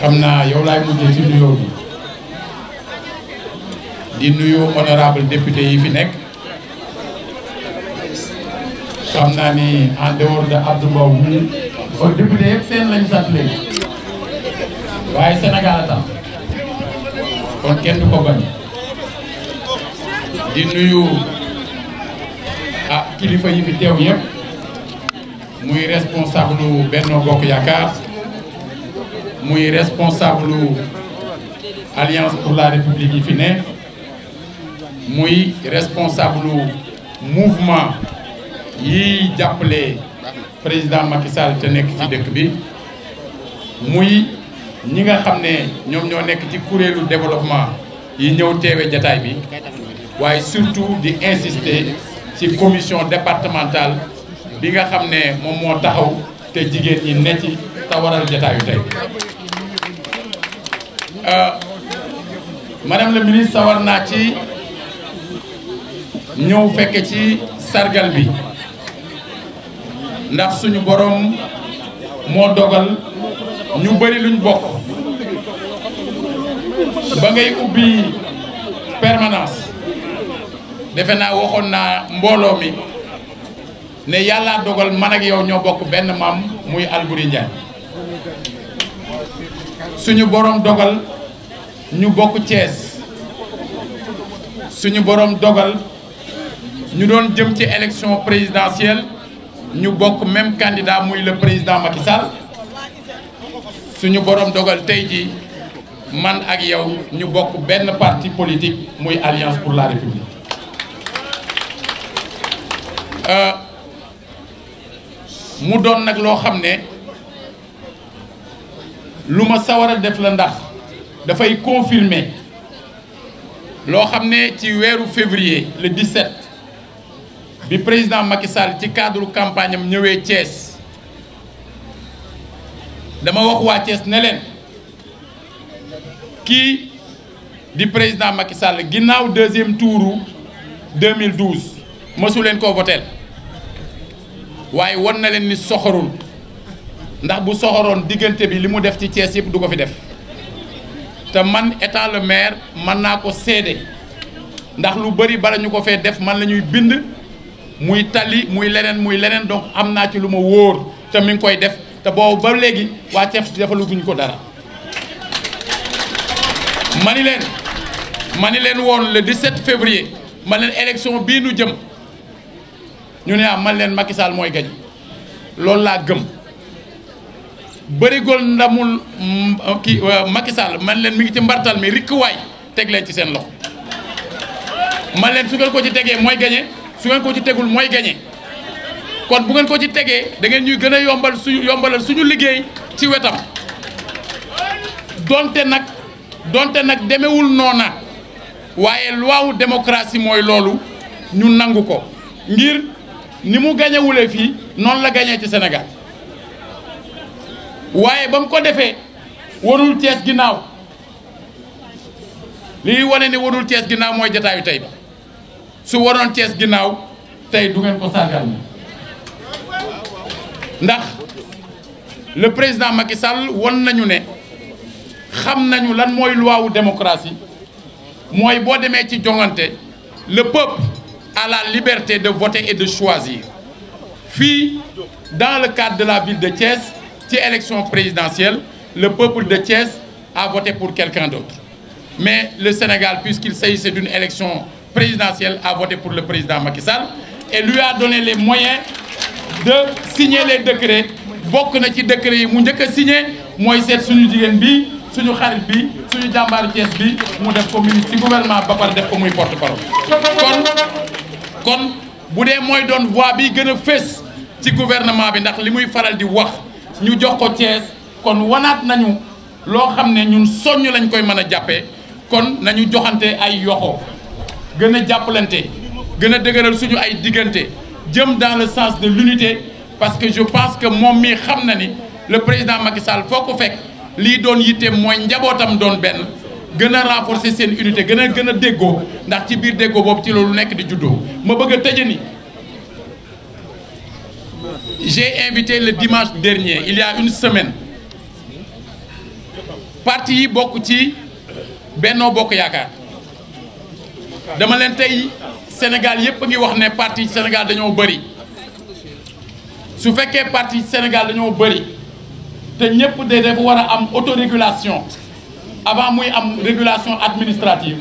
xam naa yow laay mujjee ci nuyoo bi di nuyu honorable député yi fi nekk xam naa ni en dehors de Abdou Mbow mi kon député yëpp seen lañu sant léegi waaye Sénégal a kon kenn du ko bañ di nuyu ah kilifa yi fi teew yëpp muy responsable Benno Bokk Yaakaar muy responsable alliance pour la république yi fi ne muy responsable mouvement yi jàppale président Macky ca nekk ci dëkk bi muy ñi nga xam ne ñoom ñoo nekk ci kuréelu développement yi ñëw teewe jataay bi waaye surtout di insister ci commission départementale bi nga xam ne moom moo taxaw te jigéen ñi ne ci tawaral jataayu tey Euh, madame la ministre sawar naa ci ñëw fekke ci sargal bi ndax suñu boroom moo dogal ñu bari luñ bokk ba ngay ubbi permanence defe naa waxoon naa mbooloo mi ne yàlla dogal man ak yow ñoo bokk benn maam muy Alboury suñu boroom dogal ñu bokk Thiès suñu borom dogal ñu doon jëm ci élection présidentielle ñu bokk même candidat muy le président Macky Sall suñu borom dogal tey jii man ak yow ñu bokk benn parti politique muy alliance pour la république euh, mu doon nag loo xam ne lu ma sawaral a def la ndax. dafay confirmé loo xam ne ci weeru février le 17 bi président Macky Sall ci cadre campagne am ñëwee cees dama wax waa Thiès ne leen kii di président Macky Sall ginnaaw deuxième touru 2012 mësu leen koo votel waaye wan na leen ni soxorul ndax bu soxoroon diggante bi li mu def ci Thiès yëpp du ko fi def. te man état le maire mën naa ko seede ndax lu bari bala ñu ko fee def man la ñuy bind muy tali muy leneen muy leneen donc am naa ci lu ma wóor te mi ngi koy def te boobu ba léegi waa Thiès defaluguñ ko dara mani leen mani leen woon le 17 février man leen élection bii nu jëm ñu ne am ah, man leen Macky mooy gañ loolu laa gëm bërigol ndamul kii Macky Sall man leen mi ngi ci mbartal mi rikk waay teg leen ci seen loxo man leen su ngeen ko ci tegee mooy gañe su ngeen ko ci tegul mooy gañe kon bu ngeen ko ci tegee dangeen ñuy gën a yombal suñu yombalal suñu liggéey ci wetam donte nag donte nag demewul noona waaye luwaawu démocratie mooy loolu ñu nangu ko ngir ni mu gañewulee fii noonu la gañee ci Sénégal waaye ba mu ko defee warul Cees ginnaaw lii wane ne warul Cees ginnaaw mooy jataayu tey bi su waroon Cees ginnaaw tey du ngeen ko sargal ni ndax le président Macky Sall won nañu ne xam nañu lan mooy loi wu mooy boo demee ci joŋante le peuple a liberté de voté et de choisir fii dans le cadre de la ville de Thiès ci élection présidentielle le peuple de Thiès a voté pour quelqu'un d'autre mais le Sénégal puisqu'il s'agissait d'une élection présidentielle a voté pour le président Macky Sall et lui a donné les moyens de signer les décrets bokk na ci décret yi mu njëkk a signé mooy seet suñu jigéen bi suñu xarit bi suñu jàmbaaru Thiès bi mu def ko ministre ci gouvernement ba pare def ko muy porte parole kon kon bu dee mooy doon voix bi gën a fés ci gouvernement bi ndax li muy faral di wax ñu jox ko Thiès kon wanaat nañu loo xam ne ñun soññ lañ koy mën a jàppee kon nañu joxante ay yoxo gën a jàppalante gën a dëgëral suñu ay diggante jëm dans le sens de l'unité parce que je pense que moom mii xam na ni le président Macky Sall foo ko fekk lii doon yitteem mooy njabootam doon benn gën a renforcer seen unité gën a gën a déggoo ndax ci biir déggoo boobu ci loolu nekk di juddoo ma bëgg a tëje ni j'ai invité le dimanche dernier il y une semaine parti yi bokk ci Benno Bokk Yaakaar dama leen tey Sénégal yépp a ngi wax ne parti Sénégal dañoo bëri su fekkee parti Sénégal dañoo bëri te ñépp de dafa war a am autorégulation avant muy am régulation administrative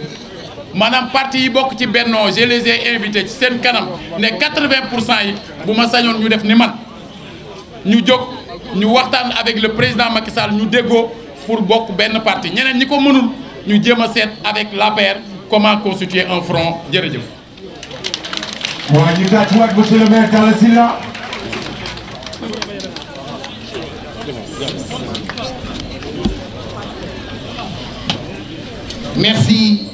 maanaam parti yi bokk ci Benno je les ai invités ci seen kanam ne 80 pour cent yi bu ma sañoon ñu def ni man ñu jóg ñu waxtaan avec le président Macky Sall ñu déggoo pour bokk benn parti ñeneen ñi ko mënul ñu jéem a seet avec l'APR comment constituer un front jërëjëf. waa ñu tàccuwaat le maire Talla